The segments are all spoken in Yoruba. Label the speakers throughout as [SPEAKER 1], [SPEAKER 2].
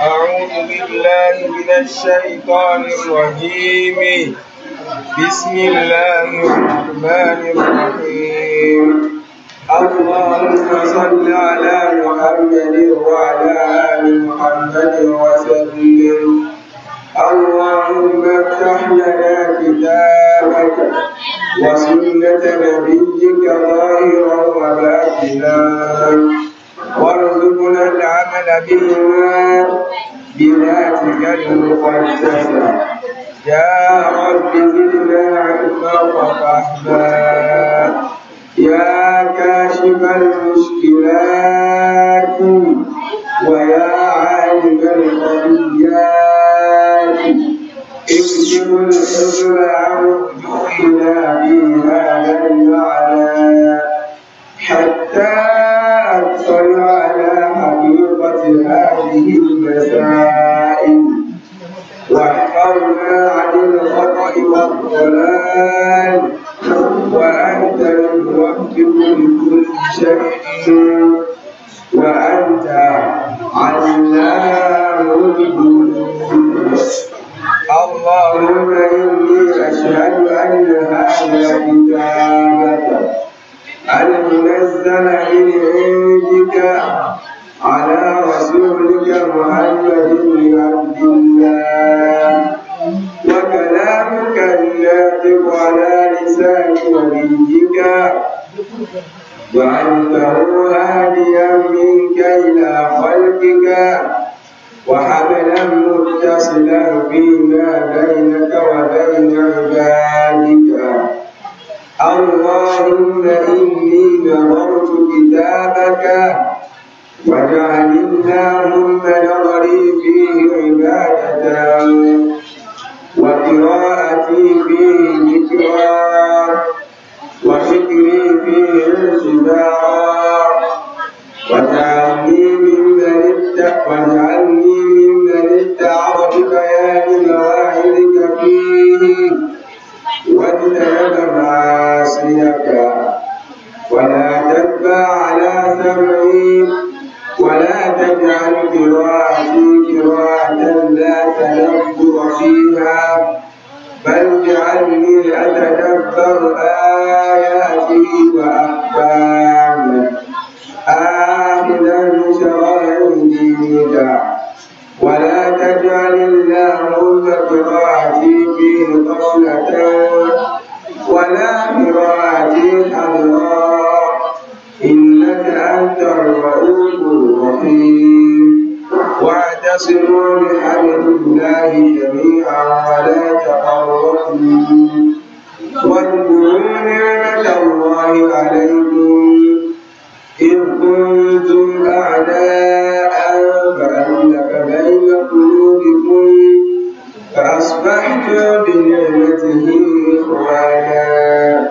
[SPEAKER 1] أعوذ بالله من الشيطان الرجيم بسم الله الرحمن الرحيم اللهم صل على محمد وعلى آل محمد وسلم اللهم افتح لنا كتابك وسنة نبيك ظاهرا وباطنا وارزقنا العمل بهما بذاتك المقدسة يا رب زدنا علما وفهما يا كاشف المشكلات ويا عالم القضيات اكتب الحزن عن وجوهنا في هذا المعنى حتى check نظرت كتابك وجعلناه الرحيم واعتصموا بحبل الله جميعا ولا تفرقوا واذكروا نعمة الله عليكم إذ كنتم أعداء فألف بين قلوبكم فأصبحتم بنعمته إخوانا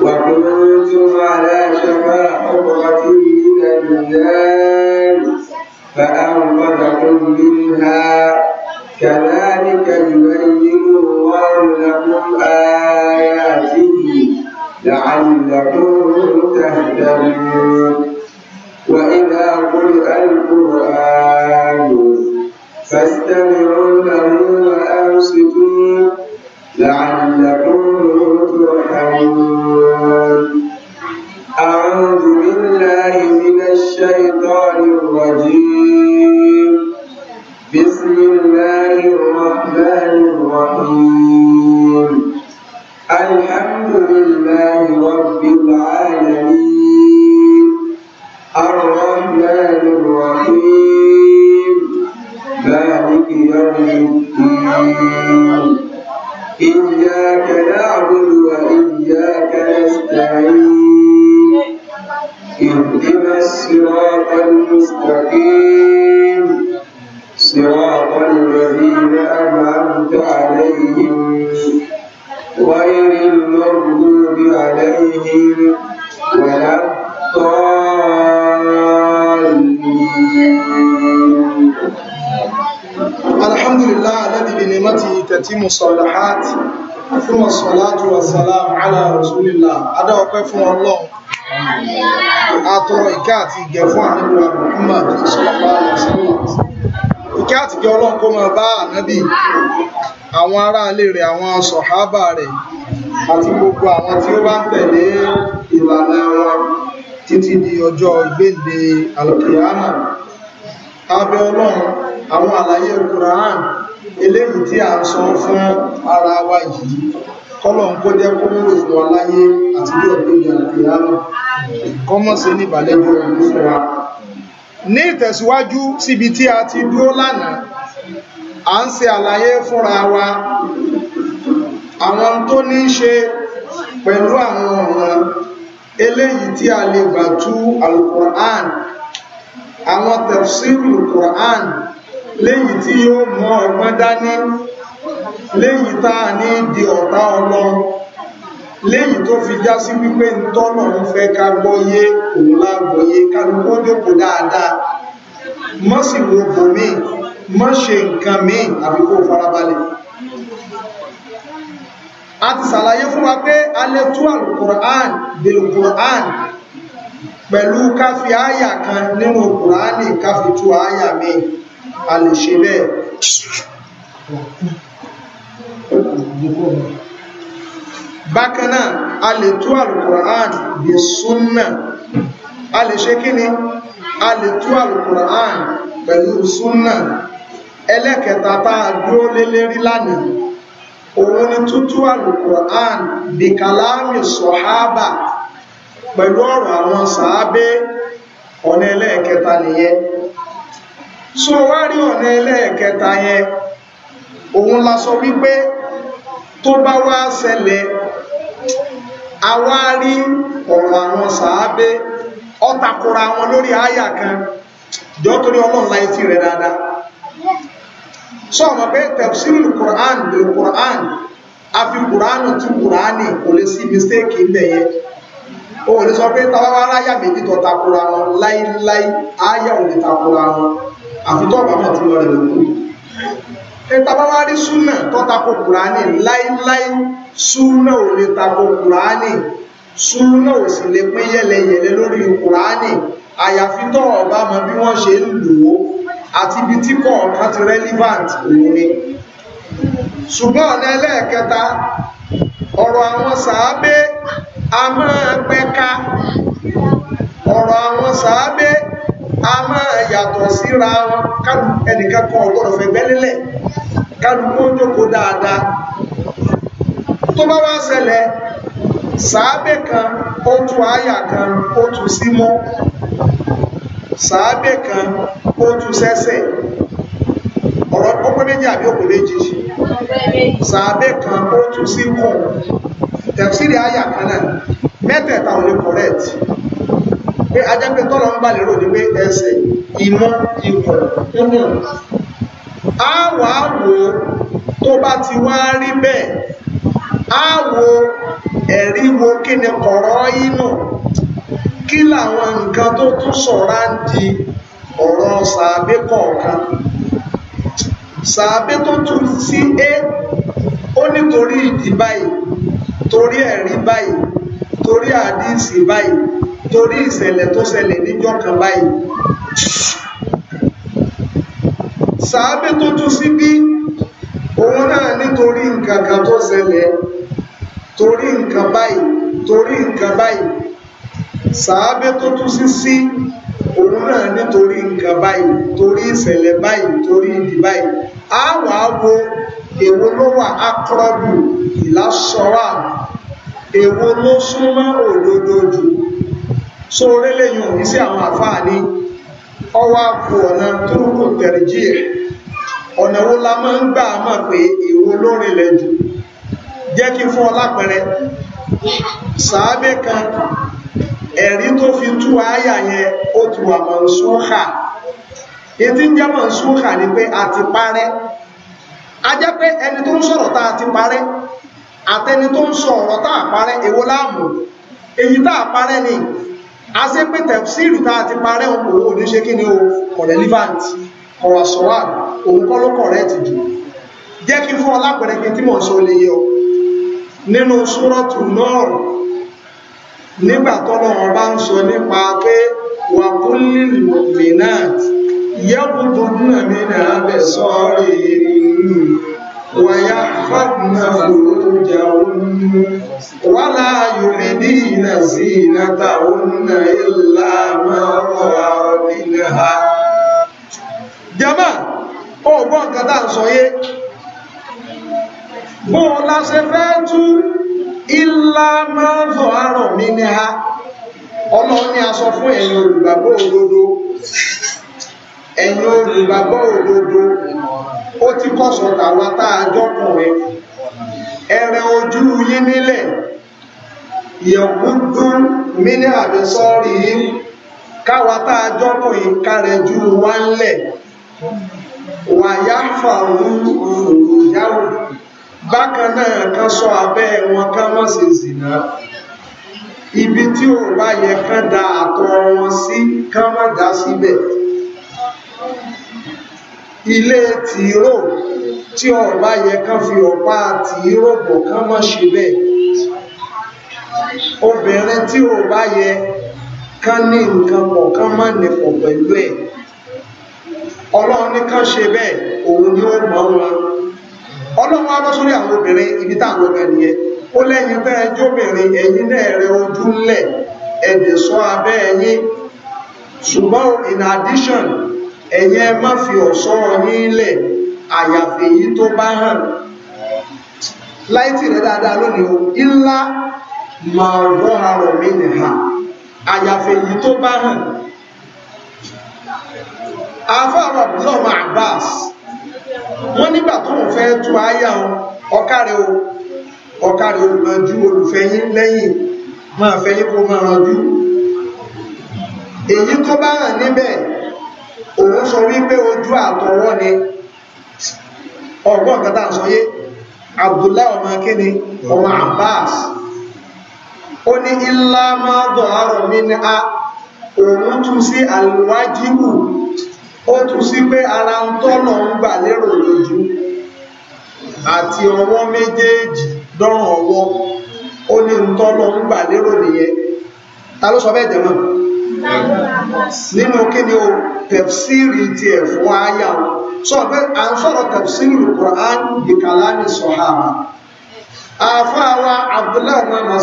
[SPEAKER 1] وكنتم على شفا حفرة الأحزاب فأنقذكم منها كذلك يبين الله لكم آياته
[SPEAKER 2] لعلكم تهتدون وإذا قرأ
[SPEAKER 1] القرآن فاستمعوا له وأنصتوا لعلكم ترحمون
[SPEAKER 2] الله الذي بنعمته تتم الصالحات ثم الصلاة والسلام على رسول الله هذا وقف الله àtọrọ ìkẹ́ àti ìgẹ̀ fún àníwà Muhammad sallallahu alaihi wasallam ìkẹ́ àti ìgẹ̀ Ọlọ́run kó máa bá ànábì àwọn ará ilé rẹ̀ àwọn sọ̀hábà rẹ̀ àti gbogbo àwọn tí ó bá ń tẹ̀lé ìlànà wọn títí di ọjọ́ ìgbéǹde alkiyama abẹ́ Ọlọ́run àwọn àlàyé Kùránì eléyìí tí a ń sọ fún ara wa yìí kọ́lọ̀ ń kó jẹ́ kó wúlò fún wa láyé àti bí ọ̀gbẹ́ ìyá ìyáàlú kọ́mọ̀ sí ní ìbàlẹ́jọ́ ìlú fún wa ní ìtẹ̀síwájú síbi tí a ti dúró lánàá à ń ṣe àlàyé fúnra wa àwọn tó ní í ṣe pẹ̀lú àwọn ọ̀ràn eléyìí tí a lè gbà tú alukur'an àwọn tafsirul qur'an léyìí tí yóò mú ọgbọ́n dání léyìí tá a ní di ọ̀tá ọlọ́run léyìí tó fi já sí wípé ń tọ́nà ń fẹ́ ká gbọ́yé òun lágbọ́yé kálukú jókòó dáadáa mọ́ sì wo bò mí mọ́ ṣe nǹkan mí àbí kó farabalẹ̀ a ti ṣàlàyé fún wa pé a lè tú alukur'an bil kur'an pẹ̀lú káfí àyà kan nínú kur'ani káfí tú àyà míì a lè ṣe bẹ́ẹ̀ bákan náà a lè tú alukura'an bí súnnà a lè ṣe kí ni a lè tú alukura'an pẹ̀lú súnnà ẹlẹ́kẹta tá a dúró lé lérí lánàá òun ni tútú alukura'an bí kàlámì sọ̀hábà pẹ̀lú ọ̀rọ̀ àwọn sàábé ọ̀nà ẹlẹ́kẹta nìyẹn so wá rí ọ̀nà ẹlẹ́ẹ̀kẹta yẹn òun la sọ wípé tó bá wá ṣẹlẹ̀ a wá rí ọ̀rọ̀ àwọn sàábé ọ̀tàkùrà wọn lórí àyà kan jọ torí ọlọ́run láyé tí rẹ̀ dáadáa sọ pé tafsirul Qur'an lè Qur'an àfi kùránù tí kùránì kò lè sí mistake ilẹ̀ yẹn o lè sọ pé tàbá wá láyà méjì tó takura wọn láíláí àyà ò lè takura wọn àfikọ́ ọ̀bàmọ̀ tí lọ rẹ̀ òkú ẹ̀tàbáwá rí súnà tó tako kùránì láíláí súnà ò lè tako kùránì súnà ò sì lè pín yẹlẹyẹlẹ lórí kùránì àyàfi tó ọba mọ bí wọ́n ṣe ń lò ó àti ibi tí kọ̀ọ̀kan ti relevant òun ni ṣùgbọ́n ọ̀nà ẹlẹ́ẹ̀kẹta ọ̀rọ̀ àwọn sàábé a máa pẹ́ka yàtọ̀ síra wọn kálù ẹnìkan kan ọ̀gbọ́dọ̀ fẹ̀gbẹ́ lélẹ̀ kálù kó jókòó dáadáa tó bá wá ṣẹlẹ̀ sàábẹ̀ kan ó tú àyà kan ó tú símọ́ sàábẹ̀ kan ó tú sẹ́sẹ̀ ọ̀rọ̀ ọpẹ́ méjì àbí òkú méjì sàábẹ̀ kan ó tú símọ́ tẹ̀síri àyà kan náà mẹ́tẹ̀ẹ̀ta ò lè correct pé ajẹ́pẹ́ tọ́lọ ń bá lérò ní pé ẹsẹ̀ yìí imú ikùn kúnnù á wà á wò tó bá ti wá rí bẹ́ẹ̀ á wò ẹ̀rí wo kí ni kọ̀rọ̀ inú kí làwọn nǹkan tó tún sọ̀rá ń di ọ̀rọ̀ sàábé kọ̀ọ̀kan sàábé tó tún sí é ó nítorí ìdí báyìí torí ẹ̀rí báyìí torí àdíìsì báyìí torí ìṣẹ̀lẹ̀ tó ṣẹlẹ̀ níjọ́ kan báyìí sàábé tó tún sí bí òun náà nítorí nǹkan kan tó ṣẹlẹ̀ torí nǹkan báyìí torí nǹkan báyìí sàábé tó tún sí sí òun náà nítorí nǹkan báyìí torí ìṣẹ̀lẹ̀ báyìí torí ìdí báyìí á wàá wo èwo ló wà ákọ́rọ́bù ìlàsọ́wà èwo ló súnmọ́ òdodo jù sóorílẹ̀ yòòyìn sí àwọn àfáà ní ọwọ́ àpò ọ̀nà túrùkù tẹ̀rìjì ẹ̀ ọ̀nà wo la máa ń gbà mọ̀ pé èwo ló rìnlẹ̀ jù jẹ́ kí fún ọ lápẹẹrẹ sàábé kan ẹ̀rí tó fi tú àyà yẹn ó ti wà mọ̀nsúnkà ètí ń jẹ́ mọ̀nsúnkà ni pé a ti parẹ́ a jẹ́ pé ẹni tó ń sọ̀rọ̀ tá a ti parẹ́ àtẹni tó ń sọ tá a parẹ́ èwo láàmú èyí tá a parẹ́ ni a ṣe pé tẹ̀síìrù tá a ti parẹ́ òun òun ò ní ṣe kí ni o relevant ọ̀rọ̀ sọ̀wà òun kọ́ ló correct jù jẹ́ kí fún ọlápẹ̀rẹ̀ kí tí mò ń sọ lè yọ nínú súrọ́tù náà nígbà tọ́lọ́ wọn bá ń sọ nípa pé wà kúlì mọ̀mìnà yẹ́bùdó náà mi náà bẹ̀ sọ́ọ̀rì ويحفظن فروجهن ولا يبدين زينتهن إلا ما ظهر منها جماعة ọgbọ́n nǹkan tá ń sọ yé bóun láṣẹ fẹ́ tú ilá máa ń zọ àrùn mi ní ha ọlọ́run fún ẹ̀yin olùgbàgbọ́ òdodo ẹ̀yin olùgbàgbọ́ òdodo ó ti kọ́sọ̀ tàwa tá a jọ́kùnrin ẹ̀rẹ̀ ojú yín nílẹ̀ yẹ̀kúdú mílẹ̀ àbí sọ́ọ̀rì yìí káwa tá a jọ́kùnrin kárẹ̀ ju wá ńlẹ̀ wàyá fàrú ìyáwó bákan náà kan sọ abẹ́ wọn ká má ṣe zìnà ibi tí ò bá yẹ kán da àtọ̀ wọn sí kán má dá síbẹ̀. Si ilé tìró tí ọ̀bá yẹ kán fi ọ̀pá tìró bọ̀ kán mọ́ ṣe bẹ́ẹ̀ obìnrin tí ò bá yẹ kán ní nǹkan pọ̀ kán mọ́ nìpọ̀ pẹ̀lú ẹ̀ ọlọ́run ní kán ṣe bẹ́ẹ̀ òun ni ó mọ̀ wọn ọlọ́run wá bọ́ sórí àwọn obìnrin ibi táwọn ọ̀gá nìyẹn ó lẹ́yìn tẹ́ ẹjọ́ ẹ̀yìn náà rẹ ojú ńlẹ̀ ẹ̀dẹ̀ sọ abẹ́ ẹ̀yìn ṣùgbọ́n in addition ẹ̀yin ẹ má fi ọ̀ṣọ́ yín lẹ̀ àyàfi èyí tó bá hàn láìtì rẹ̀ dáadáa lónìí o ńlá máa rọ́ra rọ̀ mí nìha àyàfi èyí tó bá hàn afáàrọ̀ abdullahi abbas wọ́n nígbà tó wọ́n fẹ́ tú àyà ọkàrẹ̀ o ọkàrẹ̀ olùmọ̀jú olùfẹ́yìn lẹ́yìn máa fẹ́yìn kó máa ranjú èyí tó bá hàn níbẹ̀ òun sọ wípé ojú àtọwọ́ ni ọgbọ́n kata àsọyé Abdullahi ọmọ kíni ọmọ Abbas ó ní ilá máa dọ̀ àrọ̀ mi ní a òun tún sí àlùwájíwù ó tún sí pé ara ń tọ́nà ń gbà lérò lójú àti ọwọ́ méjèèjì dọ́rùn ọwọ́ ó ní ń tọ́nà ń gbà lérò nìyẹn ta ló sọ bẹ́ẹ̀ jẹ́ náà nínú kí ni o tẹ̀fsìrì ti ẹ̀ fún àyà o sọ pé à ń sọ̀rọ̀ tẹ̀fsìrì Qur'an bi àfáàwà Abdullahi ọmọ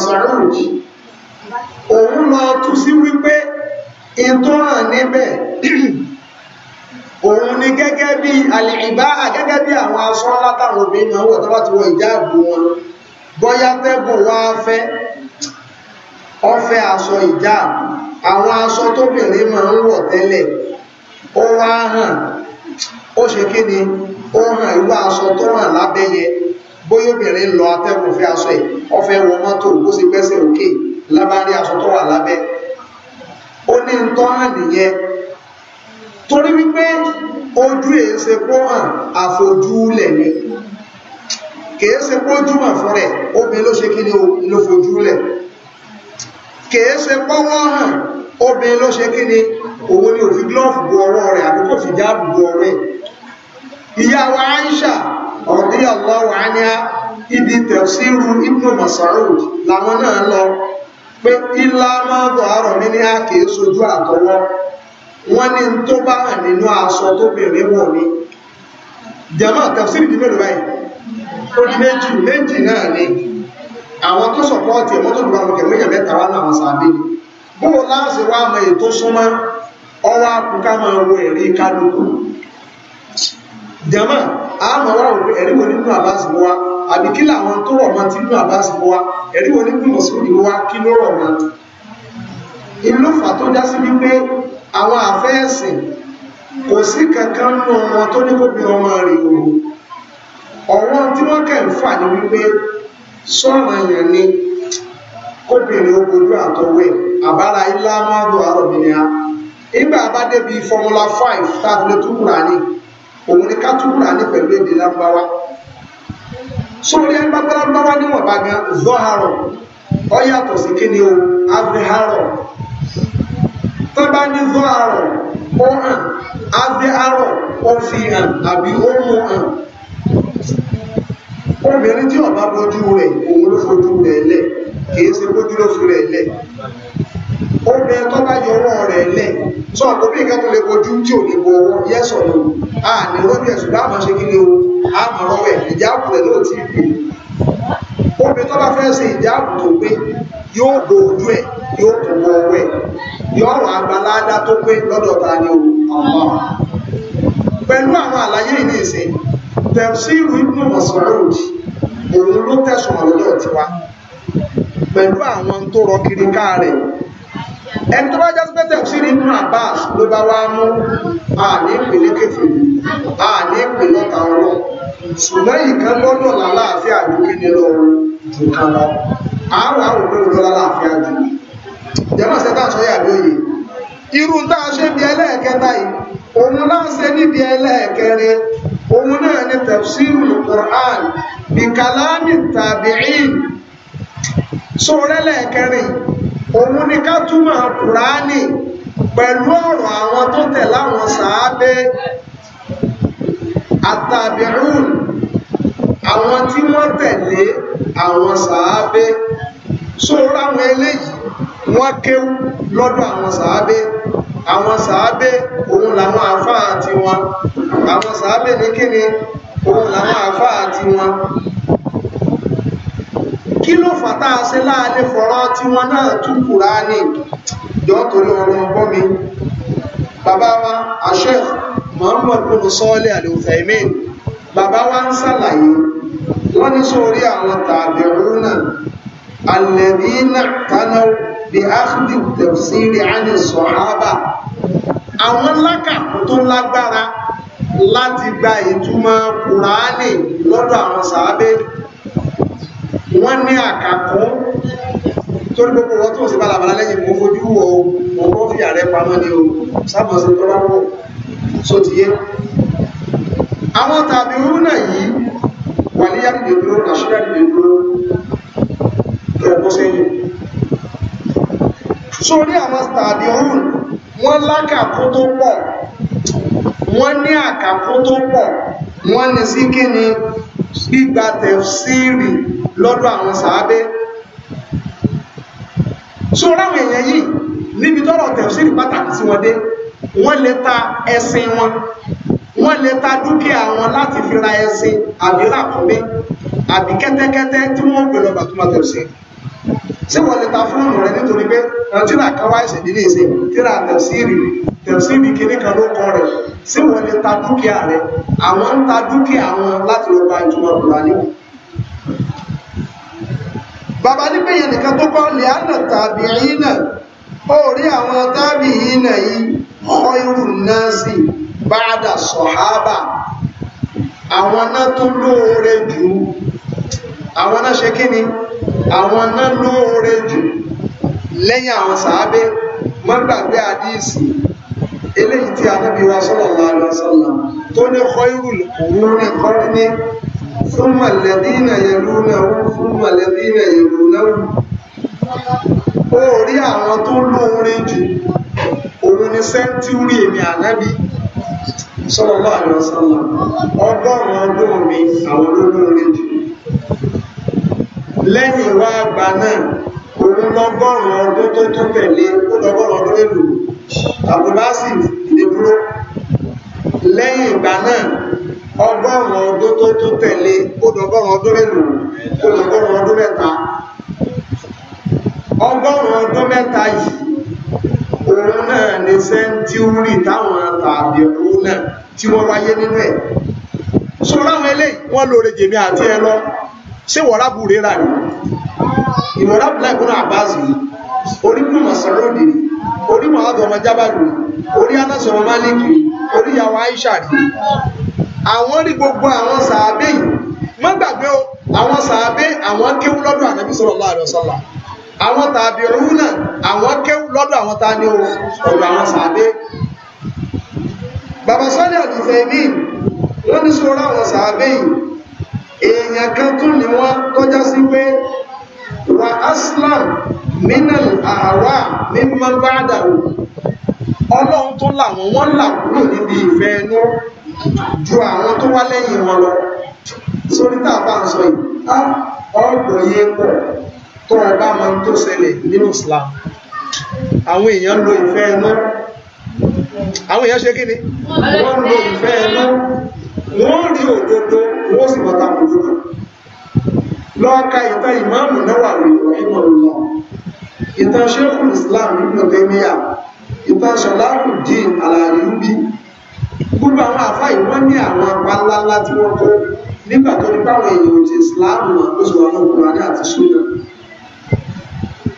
[SPEAKER 2] òun lọ tú sí wípé ìtọ́ràn níbẹ̀ òun ni gẹ́gẹ́ bí àlìbá gẹ́gẹ́ bí àwọn aṣọ látàwọn obìnrin náà wọ̀ tó bá ti wọ wọn bọ́yá tẹ́gùn wá ó fẹ́ aṣọ ìjà àwọn aṣọ tóbìnrin máa ń wọ̀ tẹ́lẹ̀ ó wá hàn ó ṣe kí ni ó hàn irú aṣọ tó hàn lábẹ́ yẹn bóyá obìnrin lọ atẹ́gùn fẹ́ aṣọ ẹ̀ ó fẹ́ wọ mọ́tò ó sì gbẹ́sẹ̀ òkè lábárí aṣọ tó wà lábẹ́ ó ní ń tọ́ hàn nìyẹn torí wípé ojú èé ṣe kó hàn àfojúlẹ̀ ni kèé ṣe kó jùmọ̀ fún rẹ̀ obìnrin ló ṣe kí ni ó ló fojúlẹ̀ kèé ṣe pọ́wọ́ hàn obìnrin ló ṣe kíni òun ni òfin glove bu ọwọ́ rẹ̀ àbí kò fi bu ọwọ́ rẹ̀ ìyá Aisha ọ̀dí ọlọ́wọ̀ ányá ibi tẹ̀síru ibnu Mas'ud làwọn náà lọ pé ilá máa bọ̀ àrọ̀ níní arọ kìí sojú àtọwọ́ wọ́n ní tó bá hàn nínú aṣọ tó bèrè wọ̀ ni jama tẹ̀síru di mélòó báyìí ó di méjì méjì náà ni àwọn tó sọ̀pọ̀tì ẹ̀wọ́n tó dùn àwọn mẹ́ta wá láwọn sàbí bóò láàṣẹ wá ètò súnmọ́ ọwọ́ máa ẹ̀rí kálukú jama àbí kí làwọn tó rọ̀ máa ti nínú wa ẹ̀rí wo nínú mọ̀sùlùmí kí ló rọ̀ máa ìlú fà tó já sí wípé kankan nínú ọmọ tó sọ́ọ̀nà èèyàn ni kóbìnrin ogójú àtọwé àbára ilá mọ́dọ̀ àrọ̀bìnrin a nígbà fọmúlà 5 tábìlẹ̀ túkùrà ní òun ni ká túkùrà ní pẹ̀lú èdè lágbáwá sórí ẹgbàgbà lágbáwá níwọ̀n bá gan zọ́harọ̀ ọ sí kí o aviharọ̀ tó bá ó hàn ó fi hàn àbí ó mú hàn obìnrin tí ọba bójú rẹ̀ òun ló fojú rẹ̀ lẹ̀ kìí ṣe bójú ló fi rẹ̀ lẹ̀ obìnrin tó bá yọwọ́ rẹ̀ lẹ̀ sọ àkóbí nǹkan tó lè bojú tí ò ní bo ọwọ́ yẹ́sọ̀ ló a ní rọ́bì ẹ̀sùn bá àmọ́ ṣe kí ni o àmọ́ rọ́wọ́ ẹ̀ ìjáàbù rẹ̀ ló ti pè obìnrin tó bá fẹ́ ṣe ìjáàbù tó pé yóò bo ojú ẹ̀ yóò tó wọ ọwọ́ ẹ̀ yóò rọ àgbàládá tó pé lọ́dọ̀ ta ni o àwọn pẹ̀lú àwọn àlàyé ìdí ìsìn tẹ̀síìrù ibnu Mas'ud òun ló tẹ̀sùn ọ̀lọ́dọ̀ tiwa pẹ̀lú àwọn tó rọ kiri káà rẹ̀ ẹni tó bá já sí pé tẹ̀síìrù ibnu Abbas ló bá wá mú àní ìpele kẹfì àní ìpele ọ̀tá ọlọ́ ṣùgbọ́n ìkan lọ́nà lálàáfíà ló kí ni lọ jù kan lọ àwọn àwọn òpin lọ lálàáfíà jù jẹ́mọ̀ sẹ́tà sọ́yà lóye irú tá a ṣe bí ẹlẹ́ẹ̀kẹta yìí òun láǹṣe níbi ẹlẹ́ẹ̀kẹrin òun náà ni tafsirul Qur'an bí kalami tabi'in sórẹ́lẹ̀ kẹrin òun ni ká túmọ̀ Qur'ani pẹ̀lú ọ̀rọ̀ àwọn tó tẹ̀ láwọn sàábé àtàbíhùn àwọn tí wọ́n tẹ̀lé àwọn sàábé sóra àwọn eléyìí wọ́n kéwú lọ́dọ̀ àwọn sàábé àwọn sàábé òun làwọn àfáà ti wọn àwọn sàábé ní kíni òun làwọn àfáà ti wọn kí ló fàtà ṣe láàrin fọ̀rọ̀ tí wọ́n náà tún Kùránì jọ torí ọ̀rọ̀ ọgbọ́n mi bàbá wa Sheikh Muhammad bin Salih Al-Uthaymeen bàbá wa ń ṣàlàyé wọ́n ní sórí àwọn tàbí'únà alladhina tanaw bi akhdhi tafsiri 'ani sahaba àwọn lákàkù tó lágbára láti gba ìtumọ̀ kùránì lọ́dọ̀ àwọn sàábé wọ́n ní àkàkọ́ torí gbogbo wọ́n tó sì bá làbàlá lẹ́yìn mú fojú wọ ọmọ fi ààrẹ pamọ́ ní o sábọ̀ sí tó rọ́pọ̀ só ti yé àwọn tàbí rúnà yìí wà ní yàtì dúró nàṣírà lè dúró kẹrẹ̀kọ́ sẹ́yìn sórí àwọn tàbí rúnà wọ́n lákàkó tó pọ̀ wọ́n ní àkàkó tó pọ̀ wọ́n ní sí kí ni gbígba tẹ̀síìrì lọ́dọ̀ àwọn sàábé so ráwọn èèyàn yìí níbi tọ́rọ̀ tẹ̀síìrì pàtàkì sí wọn dé wọ́n lè ta ẹṣin wọn wọ́n lè ta dúkìá wọn láti fi ra ẹṣin àbí àbí kẹ́tẹ́kẹ́tẹ́ tí wọ́n gbé bàtúmọ̀ tẹ̀síìrì ṣé wọ́n lè ta fóònù rẹ nítorí pé tíra kan wá ẹ̀sẹ̀ nílé ṣe tíra tẹ̀síìrì tẹ̀síìrì kìíní kan ló kọ rẹ̀ ṣé wọ́n lè ta dúkìá rẹ àwọn ń ta dúkìá wọn láti lọ gba ìtumọ̀ kùránì. bàbá ní pé yẹn tó kọ́ lè ánà tàbí yín náà ó rí àwọn tábì yín náà yìí kọ́ irú náà sí báadà sọ̀hábà àwọn náà tó lóore jù àwọn náà ṣe kí àwọn náà lóore jù lẹ́yìn àwọn sàábé má gbàgbé àdíìsì eléyìí tí anábì wa sallallahu alaihi wasallam tó ní khairul quruni qarni thumma alladhina yalunahum thumma alladhina yalunahum ó rí àwọn tó lóore jù òun ni sẹ́ńtúrì èmi ànábì sallallahu alaihi wasallam ọgọ́rùn-ún ọdún mi àwọn lóore jù lẹ́yìn wá àgbà náà òun lọ́gọ́rùn-ún ọdún tó tó tẹ̀lé ó lọ́gọ́rùn-ún ọdún lè lò àbúbásì lè dúró lẹ́yìn ìgbà náà ọgọ́rùn-ún ọdún tó tó tẹ̀lé ó lọ́gọ́rùn-ún ọdún lè lò ó lọ́gọ́rùn-ún ọdún mẹ́ta ọgọ́rùn-ún ọdún mẹ́ta yìí òun náà ni sẹ́ńtúrì táwọn tàbí òun náà tí wọ́n wáyé nínú ẹ̀ sọ eléyìí wọ́n lóore jèmi àti ẹ lọ ṣé wọ́rábù rírà ní ìwọ̀rábù láìpínlẹ̀ àbáàzì yìí orí bú mọ̀sánródì rí orí mọ̀hádọ̀ ọmọ jábàlù orí anásọ̀rọ̀ maliki, orí yàwó aisha rí àwọn rí gbogbo àwọn sàábé yìí má gbàgbé o àwọn sàábé àwọn kéwú lọ́dọ̀ ànábì sallallahu alaihi wasallam àwọn tàbí òun náà àwọn kéwú lọ́dọ̀ àwọn tá ní ọ̀dọ̀ àwọn sàábé bàbá àdìsẹ́ ní wọ́n ní sọ́rọ̀ àwọn sàábé yìí èèyàn kan tún ni wọ́n tọ́já sí pé wa aslam minal àwa mímọ́ bá dàrú ọlọ́run tó làwọn wọ́n là kúrò níbi ìfẹ́ ẹnu ju àwọn tó wá lẹ́yìn wọn lọ sórí tá a bá ń sọ yìí á ọ̀pọ̀ yé pọ̀ tó o bá máa ń tó ṣẹlẹ̀ nínú Islam àwọn èèyàn lo ìfẹ́ ẹnu àwọn èèyàn ṣe kí ni wọ́n lo ìfẹ́ ẹnu wọ́n rí òdodo wọ́n sì mọ́ta òdodo lọ́ọ̀ka ìtàn ìmáàmù Nawawi ìmọ̀ lọ ìtàn Sheikhul Islam Ibn Taymiyyah ìtàn Salahuddin Al-Ayyubi gbogbo àwọn àfá ìwọ́n ní àwọn apálá láti wọ́n kó nígbà tó ní báwọn èèyàn ti Islam ó sì wà ní Kùránì àti Sunna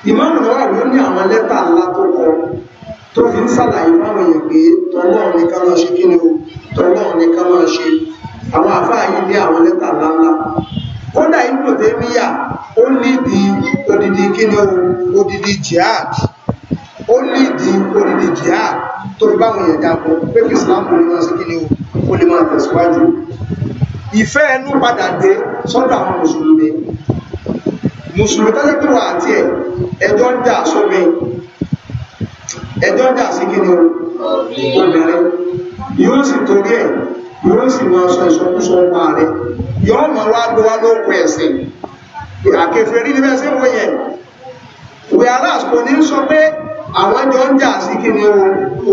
[SPEAKER 2] ìmáàmù Nawawi ní àwọn lẹ́tà ńlá tó kọ tó fi ń sàlàyé fáwọn èèyàn pé tọ́lọ́run ní ká lọ ṣe kí ni o tọ́lọ́ ní ká máa ṣe àwọn àfáà yìí ní àwọn lẹ́tà ńláńlá kódà ibùdó tẹ́míyà ó nídi odidi kíni odidi jihad ó nídi odidi jihad tó rí báwọn èèyàn jagun pé kí islam kò ní máa ṣe kíni o lè máa tẹ̀síwájú ìfẹ́ ẹnu padà dé sọ́dọ̀ àwọn mùsùlùmí mùsùlùmí tó jẹ́ pé wà àti ẹ̀ ẹjọ́ ń dà sómi ẹjọ́ ń dà sí kíni o obìnrin yóò sì torí ẹ̀ yóò sì máa sọ ìsọkúsọ ọmọ rẹ̀ yóò mọ̀ wá gbọ́ wá lóko ẹ̀sìn àkẹfẹ́ rí níbẹ̀ sí wọ́n yẹn wíyàrá kò ní sọ pé àwọn jọ ń jà sí kí ni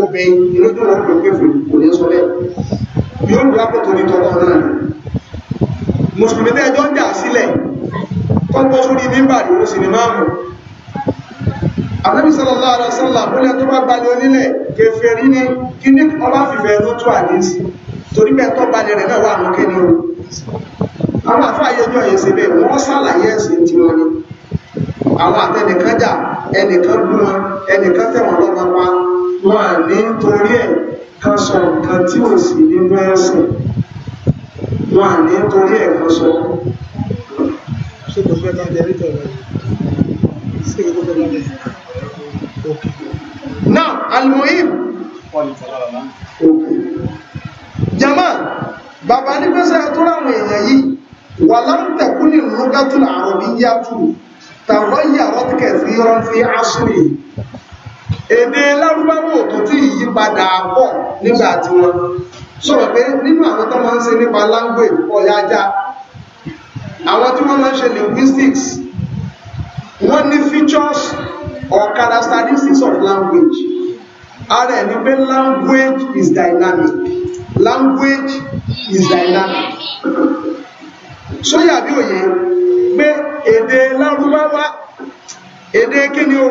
[SPEAKER 2] obìnrin ìlójú wọn kò kéfì kò ní sọ bẹ́ẹ̀ yóò lù wákò torí tọkọ náà mùsùlùmí tẹ́jọ́ ń jà sílẹ̀ kọ́kọ́ sórí bíbà ìwòsìn ni máa mú àlẹ́bìsọ̀lọ́lá rẹ̀ sọ́lá bólẹ̀ tó bá gbalẹ̀ onílẹ̀ kèfèrí ní kí ní ọba fìfẹ́ ló tó àdísì torí pé tó gbalẹ̀ rẹ̀ náà wà ní kí ni o àwọn àfáà yẹjọ́ yẹn sí bẹ́ẹ̀ wọ́n sàlàyé ẹ̀sìn tí wọ́n ní àwọn àtẹnìkan jà ẹnìkan bú wọn ẹnìkan tẹ̀wọ̀n lọ́pàá pa wọn ní torí ẹ̀ kan sọ nǹkan tí ò sí nínú ẹ̀sìn wọn ní torí ẹ̀ kan sọ ṣé kò fẹ́ ká jẹ nítorí ṣé kò fẹ́ ká náà almuhim jama bàbá ní pẹ́sẹ̀ àtúràwọn èèyàn yìí wà láǹtẹ̀kú ní lókàtúlà àrọ̀bí yàtù tàbí yàrọ̀ kẹsì rántí asúrì èdè lárúbáwò tó tí yí padà pọ̀ nígbà tí wọ́n sọ̀rọ̀ pé nínú àwọn tó máa ń ṣe nípa language ọ̀yájá àwọn tí wọ́n máa ń ṣe linguistics wọ́n ní features or characteristics of language ara ẹni pé language is dynamic language is dynamic sóyà bí òye pé èdè lárúbáwá èdè kíni o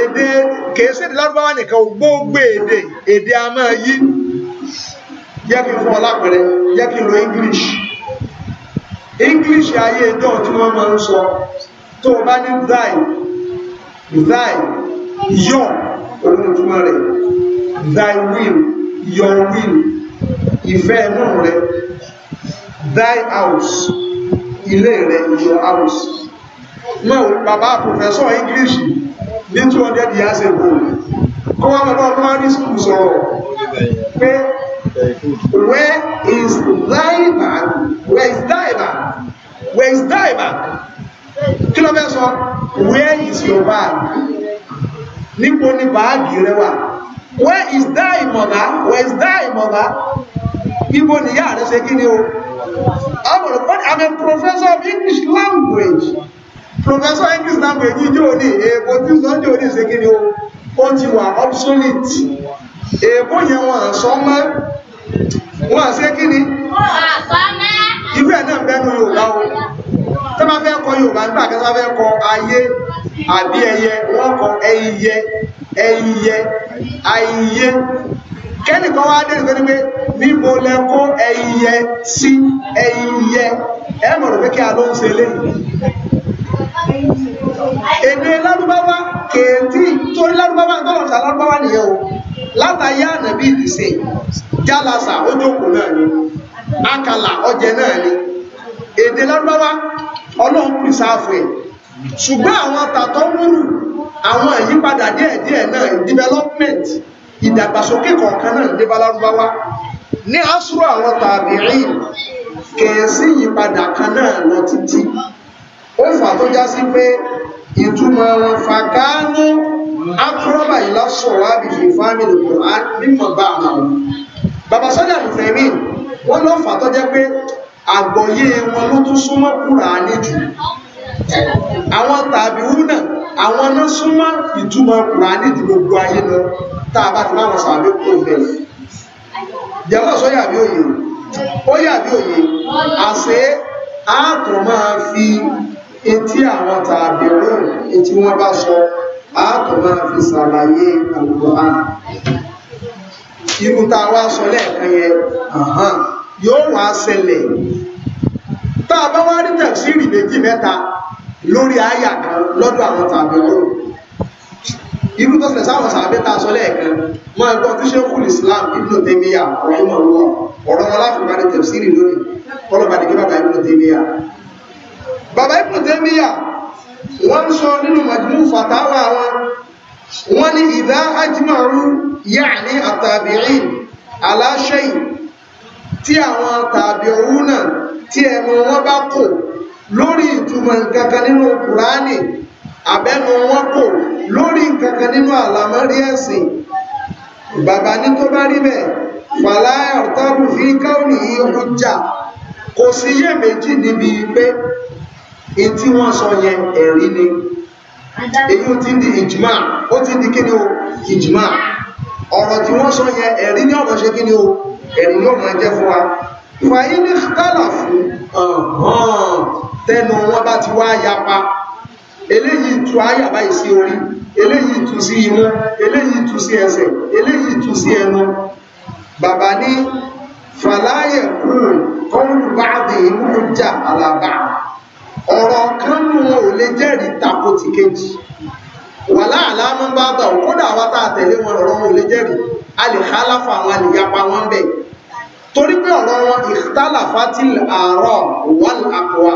[SPEAKER 2] èdè kèésèdè lárúbáwá nìkan ò gbóògbé èdè èdè a máa yí yẹ kí n fún ọ lápẹẹrẹ yẹ kí n lo English English ayé ẹjọ́ tí wọ́n máa ń sọ tó o bá ní die thy your òun ìtumọ̀ rẹ̀ thy will your will ìfẹ́ inú rẹ̀ thy house ilé rẹ̀ your house náà bàbá professor English ní 200 years ago kó wá bàbá primary school sọ̀rọ̀ pé where is thy man where is thy man where is thy man kí ló fẹ́ sọ where is your bag níbo ni báàgì rẹ wà where is that ìmọ̀lá where is that ìmọ̀lá ibo nìyá rẹ ṣe kí ni o àwọn olùkọ́ I'm a professor of English language professor English language ní ìjọ òní èèbò tí sọ ìjọ òní ṣe kí ni o ó ti wà obsolete èèbò yẹn wọn à sọ mọ́ wọn à ṣe kí ni ìwé ẹ̀ náà bẹ́ẹ̀ ni Yorùbá o tó bá fẹ́ kọ Yorùbá nígbà kan tó bá fẹ́ kọ ayé àbí ẹyẹ wọ́n kọ ẹyẹ ẹyẹ ayé kẹ́nìkan wá dé nítorí pé níbo lẹ kó ẹyẹ sí ẹyẹ ẹ mọ̀rọ̀ pé kí a ló ń ṣe eléyìí èdè lárúbáwá kèétí torí lárúbáwá tọ́lọ̀tà lárúbáwá nìyẹn o látàyé ànàbí ìdìsẹ́ jálásà ó náà ni akàlà ọjẹ náà ni èdè lárúbáwá ọlọ́run pìsáàfù ẹ̀ ṣùgbọ́n àwọn tàtọ́ wúrù àwọn ìyípadà díẹ̀díẹ̀ náà development ìdàgbàsókè kọ̀ọ̀kan náà dé balárúbáwá ní asúrò àwọn tàbírí kẹ̀ẹ́sì ìyípadà kan náà lọ títí ó fà tó já sí pé ìtumọ̀ wọn fàkánú akọ́rọ́bà ìlàsọ̀wá bìfì fámìlì kùrán mímọ̀ bá àwọn bàbá sọ́jà lùfẹ̀mí wọ́n lọ́ fà tó jẹ́ pé àgbọ́yé wọn ló tún súnmọ́ Kùránì jù àwọn tàbíùnà àwọn náà súnmọ́ ìtumọ̀ Kùránì jù gbogbo ayé lọ tá a bá ti láwọn sàbí kúrò bẹ́ẹ̀ jẹ́wọ́ sọ yàbí òye ó yàbí òye àṣẹ ààtọ̀ máa fi etí àwọn tàbíùnà etí wọ́n bá sọ ààtọ̀ máa fi ṣàlàyé àlùkò àná irú tá a wá sọ lẹ́ẹ̀kan yẹn yóò wá ṣẹlẹ̀ tá a bá wá rí tẹ̀síìrì méjì mẹ́ta lórí àyà kan lọ́dọ̀ àwọn tàbí ọlọ́run irú tó ṣẹlẹ̀ sáwọn sàbẹ́ tá a sọ lẹ́ẹ̀kan mọ́ ẹgbọ́n tí ṣékùn Islam Ibn Taymiyyah ọ̀rọ̀ ọ̀rọ̀ ọ̀rọ̀ wọn láfi bá ní tẹ̀síìrì lónìí kọlọ̀bàdì kí bàbá Ibn Taymiyyah bàbá Ibn Taymiyyah wọ́n sọ nínú majmú fatawa wọn wọ́n ní ìdá ajímọ̀rú yáà ní àtàbíyìn tí àwọn tàbí ọ̀hún náà tí ẹnu wọn bá kò lórí ìtumọ̀ nǹkankan nínú kùránì àbẹ́nu wọn kò lórí nǹkankan nínú àlámọ́rí ẹ̀sìn bàbá ní tó bá rí bẹ́ẹ̀ fàlà ọ̀tọ́bù fi káwùnì ìhun jà kò sí yé méjì níbi pé èyí tí wọ́n sọ yẹn ẹ̀rí ni èyí ó ti di ìjìmá ó ti di kíni o ìjìmá ọ̀rọ̀ tí wọ́n sọ yẹn ẹ̀rí ní ọ̀rọ̀ ṣe kíni o ẹ̀rí yóò máa jẹ́ fún wa fàyínì tálà fún tẹnu wọn bá ti wá yapa eléyìí tu àyà báyìí sí orí eléyìí tu sí imú eléyìí tu sí ẹsẹ̀ eléyìí tu sí ẹnu bàbá ní fàláyẹ̀ kúrò kọ́ńtù báàdì ìlú jà àlàbà ọ̀rọ̀ kan nù wọn ò lè jẹ́rìí tako ti kejì wà láàlá mọ́ bá bá òkúdà wátà tẹ̀lé wọn ọ̀rọ̀ wọn ò lè jẹ́rìí a lè hálàfà wọn a lè yapa wọn bẹ́ẹ̀ torí pé ọ̀rọ̀ wọn ìtàlà fatil àárọ̀ wal àpọ̀wà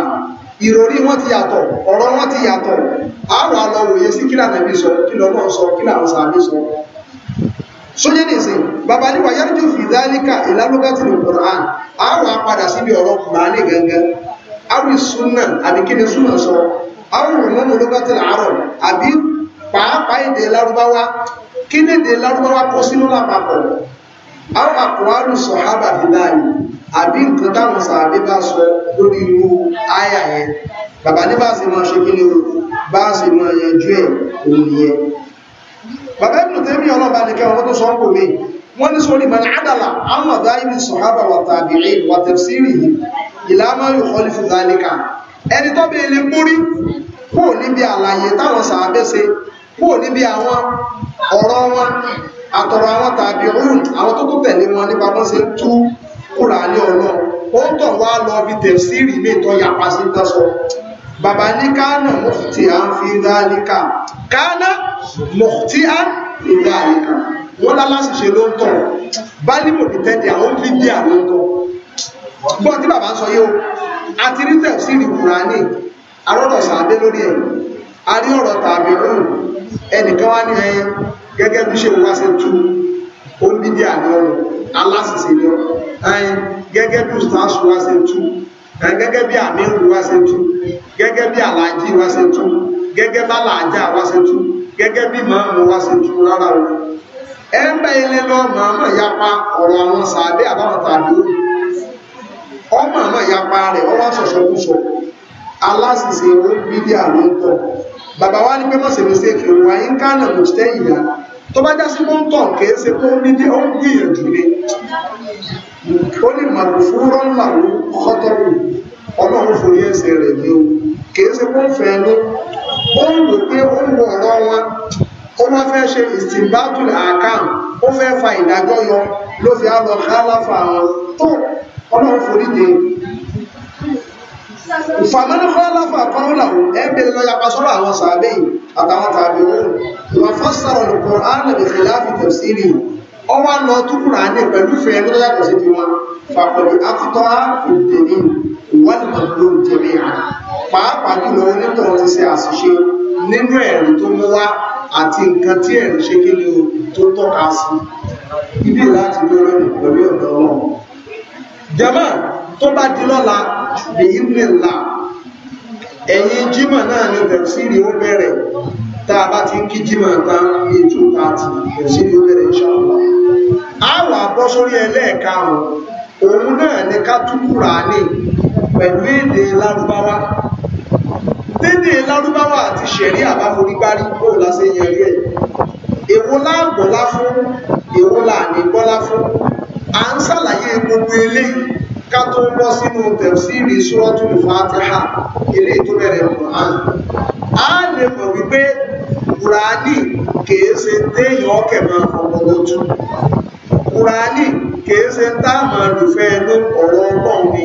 [SPEAKER 2] ìròrí wọn ti yàtọ̀ ọ̀rọ̀ wọn ti yàtọ̀ àwọn àlọ́wòye sí kílà nàbí sọ kílọ̀ náà sọ kílà àwọn sàbí sọ sóyé nìsín bàbá níwà yájú fi dálíkà ìlálógátì ní Qur'an àwọn apadà síbi ọ̀rọ̀ kùránì gangan àwọn ìsúnà àbí kí ni súnà sọ àwọn ìrònú ológátì àárọ̀ àbí pàápàá èdè lárúbáwá kí ni lárúbáwá kó sínú lápapọ̀ àwọn àkùránù sọ̀hábà fi láàyè àbí nǹkan táwọn sàábé bá sọ lórí iwu, àyà yẹn bàbá ní bá si mọ́ ṣe kí ni o bá mọ́ ẹ̀ òun bàbá ìbùn tẹ́mí ọlọ́ba ní kẹwọn tó sọ ń kò mí wọ́n ní sórí àdàlà àwọn ọ̀dá àtọ̀rọ̀ àwọn tàbí rúùn àwọn tó tó tẹ̀lé wọn nípa bọ́n ṣe tú kúrà ní ọ̀nà ó ń tọ̀ wá lọ bí tẹ̀síìrì ilé ìtọ́ yapa sí tọ́sọ bàbá ní kánà mọ̀tí à ń fi dáríkà kánà mọ̀tí à ń fi dáríkà wọ́n lálásì ṣe ló ń tọ̀ bá ní mòdìtẹ́dì àwọn bí bí àwọn tọ̀ gbọ́ tí bàbá sọ yé o àti rí tẹ̀síìrì kúrà ní àrọ́dọ̀ sàdé lórí ẹ̀ a rí ọ̀rọ̀ tàbí gẹ́gẹ́ bí ṣe wá sí tú onídìí àníọ̀rùn aláṣìṣe ni gẹ́gẹ́ bí ustaṣu wá sí gẹ́gẹ́ bí ami wá sí gẹ́gẹ́ bí aláàjì wá sí gẹ́gẹ́ bá làájá wá sí tú gẹ́gẹ́ bí màmú wá sí tú rárá o ẹ ń bẹ ilé lọ màmá yapa ọ̀rọ̀ àwọn sàbẹ́ àbáwọn tàbí ọmọ yapa ọwọ́ bàbá wa ní pé mọ̀ sèmi ṣe fi wà ń kánà kò tẹ́ ìyá tó bá já sí pé ń tọ̀ kìí ṣe pé ó ní dé ó ń gbìyànjú ni ó ní màlúù fúrọ́ làwọn kọ́tọ́rù ọlọ́run forí ẹsẹ̀ rẹ̀ ní o kìí ṣe pé ń fẹ́ ní ó ń wò pé ó ń wọ ọ̀rọ̀ wọn ó wá fẹ́ ṣe ìsìnbátùn àkàm ó fẹ́ fa ìdájọ́ yọ ló fi á lọ hálàfà wọn tó ọlọ́run forí dé ìfàmọ́nà fọ́láfà kan rà ó ẹgbẹ́ lọ́yà pasọ́rọ̀ àwọn sàábẹ́ yìí àtàwọn tàbí òun ìwà fásitì ọ̀lùkọ́ ánàbì fìláfì tẹ̀síìrì ọwọ́ lọ túkùrà ní pẹ̀lú fẹ́ẹ́ ní lọ́yà tẹ̀sí ti wọn fàkọ̀dé afútọ́ ìdèmí ìwádìí jẹ̀mí pàápàá jùlọ jẹ́mọ́ tó bá di lọ́la lèyí ní ìlà ẹ̀yìn jímọ̀ náà ni tẹ̀síìrì ó bẹ̀rẹ̀ tá a bá ti ń kí jímọ̀ tán ètò tààtì tẹ̀síìrì ó bẹ̀rẹ̀ inshallah a wà bọ́ sórí ẹlẹ́ẹ̀karùn-ún òun náà ni ká tú Kùránì pẹ̀lú èdè lárúbáwá dédé lárúbáwá àti ṣẹ̀rí àbáforígbárí kó lásẹ̀ yẹn rí ẹ̀ èwo láàgbọ́lá fún èwo láàgbọ́lá fún à ń ṣàlàyé gbogbo eléyìí ká tó bọ́ sínú tẹ̀síìrì suratul Fatiha eléyìí tó bẹ̀rẹ̀ Qur'an á lè mọ̀ wípé Kùránì kìí ṣe téèyàn ọkẹ̀ máa fọwọ́ lójú Kùránì kìí ṣe táàmù àlùfẹ́ ẹnu ọ̀rọ̀ ọlọ́run ni